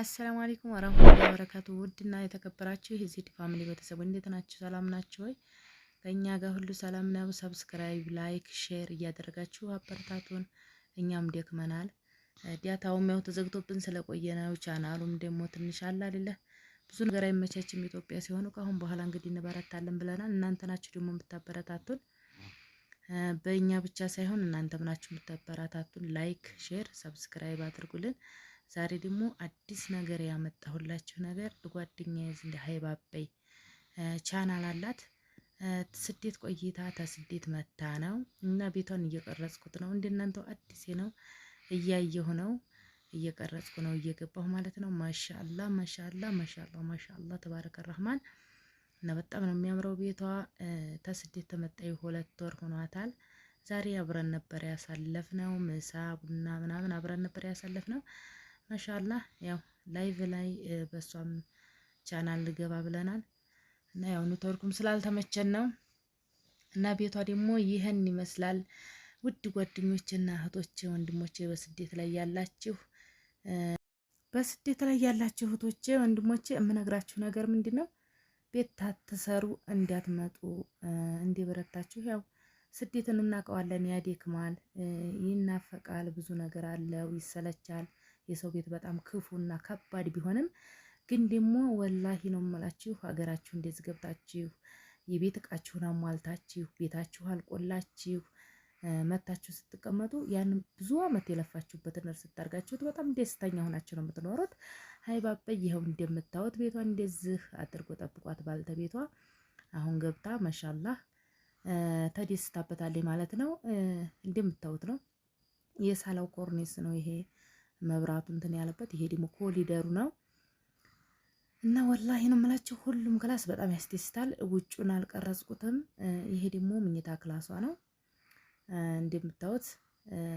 አሰላሙ አለይኩም ወራህመቱላሂ ወበረካቱ። ውድና የተከበራችሁ የዚህ ፋሚሊ ቤተሰቦች እንዴት ናችሁ? ሰላም ናችሁ ወይ? ከእኛ ጋር ሁሉ ሰላም ነው። ሰብስክራይብ፣ ላይክ፣ ሼር እያደረጋችሁ አበረታቱን። እኛም ደክመናል። ዳታውም ያው ተዘግቶብን ስለቆየ ነው። ቻናሉም ደግሞ ትንሽ አለ አይደለ ብዙ ነገር አይመቻችም ኢትዮጵያ ሲሆኑ። ከአሁን በኋላ እንግዲህ እንበረታለን ብለናል። እናንተ ናችሁ ደግሞ የምታበረታቱን። በእኛ ብቻ ሳይሆን እናንተም ናችሁ የምታበረታቱን። ላይክ፣ ሼር፣ ሰብስክራይብ አድርጉልን። ዛሬ ደግሞ አዲስ ነገር ያመጣሁላችሁ ነገር ጓደኛዬ እንደ ሀይባበይ ቻናል አላት። ስደት ቆይታ ተስደት መታ ነው እና ቤቷን እየቀረጽኩት ነው። እንደናንተው አዲሴ ነው እያየሁ ነው እየቀረጽኩ ነው እየገባሁ ማለት ነው። ማሻላ ማሻላ ማሻላ ማሻላ ተባረከ ረህማን እና በጣም ነው የሚያምረው ቤቷ። ተስደት ተመጣዩ ሁለት ወር ሆኗታል። ዛሬ አብረን ነበር ያሳለፍ ነው ምሳ ቡና ምናምን አብረን ነበር ያሳለፍ ነው። ማሻላህ ያው ላይቭ ላይ በእሷም ቻናል ልገባ ብለናል እና ያው ኔትወርኩም ስላልተመቸን ነው እና ቤቷ ደግሞ ይህን ይመስላል። ውድ ጓደኞችና እና እህቶቼ ወንድሞቼ በስደት ላይ ያላችሁ በስደት ላይ ያላችሁ እህቶቼ ወንድሞቼ የምነግራችሁ ነገር ምንድን ነው? ቤት ታትሰሩ እንዳትመጡ እንዲበረታችሁ። ያው ስደትን እናውቀዋለን። ያደክማል፣ ይናፈቃል፣ ብዙ ነገር አለው፣ ይሰለቻል። የሰው ቤት በጣም ክፉና ከባድ ቢሆንም ግን ደግሞ ወላሂ ነው የምላችሁ ሀገራችሁ እንደዚህ ገብታችሁ የቤት እቃችሁን አሟልታችሁ ቤታችሁ አልቆላችሁ መታችሁ ስትቀመጡ ያን ብዙ አመት የለፋችሁበትን እርስ ስታርጋችሁት በጣም ደስተኛ ሆናችሁ ነው የምትኖሩት። ሀይባበ ይኸው እንደምታዩት ቤቷ እንደዚህ አድርጎ ጠብቋት ቤቷ አሁን ገብታ መሻላህ ተደስታበታለች ማለት ነው። እንደምታዩት ነው የሳላው ኮርኒስ ነው ይሄ መብራቱ እንትን ያለበት ይሄ ደግሞ ኮሊደሩ ነው። እና ወላሂ ነው የምላቸው ሁሉም ክላስ በጣም ያስደስታል። ውጩን አልቀረጽኩትም። ይሄ ደግሞ ምኝታ ክላሷ ነው እንደምታዩት።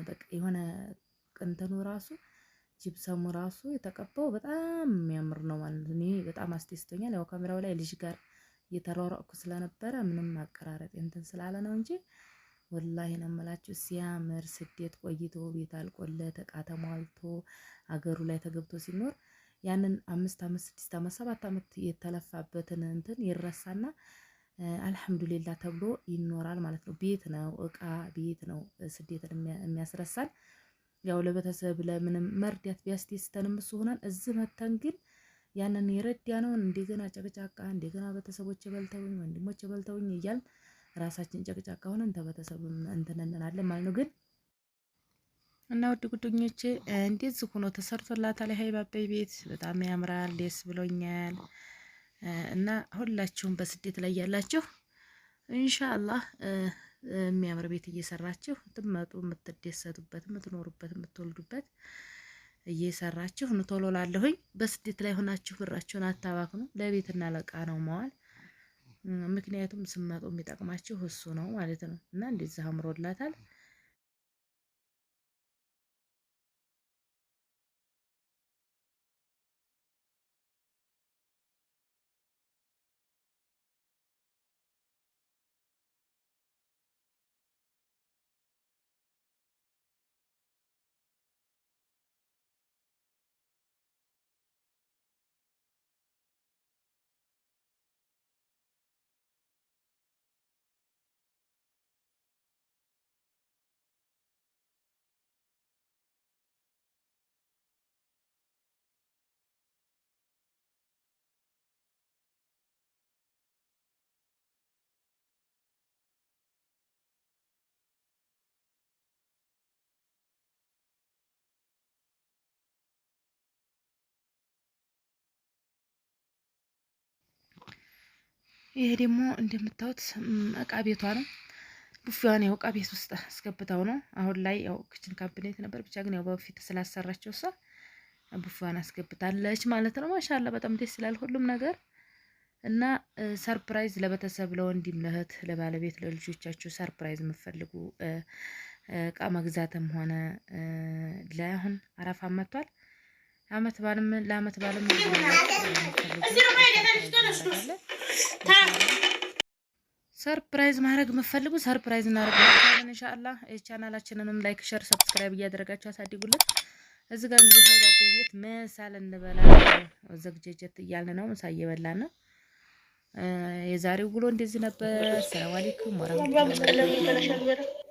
በቃ የሆነ ቅንትኑ ራሱ ጅብሰሙ ራሱ የተቀባው በጣም የሚያምር ነው ማለት እኔ በጣም አስደስቶኛል። ያው ካሜራው ላይ ልጅ ጋር እየተሯሯቅኩ ስለነበረ ምንም አቀራረጥ እንትን ስላለ ነው እንጂ ወላሂ ነው የምላችሁ ሲያምር ስደት ቆይቶ ቤት አልቆለት እቃ ተሟልቶ አገሩ ላይ ተገብቶ ሲኖር ያንን አምስት አምስት ስድስት ዓመት ሰባት አመት የተለፋበትን እንትን ይረሳና አልሐምዱሊላ ተብሎ ይኖራል ማለት ነው። ቤት ነው እቃ ቤት ነው ስደትን የሚያስረሳን። ያው ለቤተሰብ ለምንም መርዳት ቢያስደስተንም እሱ ሆናን እዚህ መተን ግን ያንን የረዳ ነውን እንደገና ጨቅጫቃ እንደገና ቤተሰቦች በልተውኝ ወንድሞች በልተውኝ እያልን ራሳችን ጨቅጫቃ ሆነን ተበተሰቡ እንትን እንላለን ማለት ነው ግን እና ውድ ጉደኞቼ እንዴት ሆኖ ተሰርቶላታል። ሀይባባይ ቤት በጣም ያምራል፣ ደስ ብሎኛል። እና ሁላችሁም በስደት ላይ ያላችሁ ኢንሻአላህ የሚያምር ቤት እየሰራችሁ ትመጡ፣ የምትደሰቱበት፣ የምትኖሩበት፣ የምትወልዱበት እየሰራችሁ ንቶሎላለሁኝ። ላለሁኝ በስደት ላይ ሆናችሁ ብራችሁን አታባክኑ። ለቤትና ለቃ ነው መዋል ምክንያቱም ስመጡ የሚጠቅማችሁ እሱ ነው ማለት ነው። እና እንደዚህ አምሮላታል። ይሄ ደግሞ እንደምታዩት እቃ ቤቷ ነው። ቡፌዋን ያው እቃ ቤት ውስጥ አስገብታው ነው። አሁን ላይ ያው ክችን ካቢኔት ነበር፣ ብቻ ግን ያው በፊት ስላሰራቸው እሷ ቡፌዋን አስገብታለች ማለት ነው። ማሻላ በጣም ደስ ይላል ሁሉም ነገር እና ሰርፕራይዝ ለቤተሰብ ለወንድም፣ ለእህት፣ ለባለቤት፣ ለልጆቻችሁ ሰርፕራይዝ የምትፈልጉ እቃ መግዛትም ሆነ ለአሁን አረፋ መጥቷል። አመት ባልም ለአመት ባልም ሰርፕራይዝ ማድረግ የምፈልጉ ሰርፕራይዝ እናደርጋለን። ኢንሻአላህ ቻናላችንንም ላይክ፣ ሸር፣ ሰብስክራይብ እያደረጋችሁ አሳድጉልን። እዚህ ጋር እንግዲህ ሀይባቱ ቤት ምሳ ዘግጀጀት እያልን ነው። ምሳ እየበላን ነው። የዛሬው ውሎ እንደዚህ ነበር። ሰላም አለይኩም ወራህመቱላሂ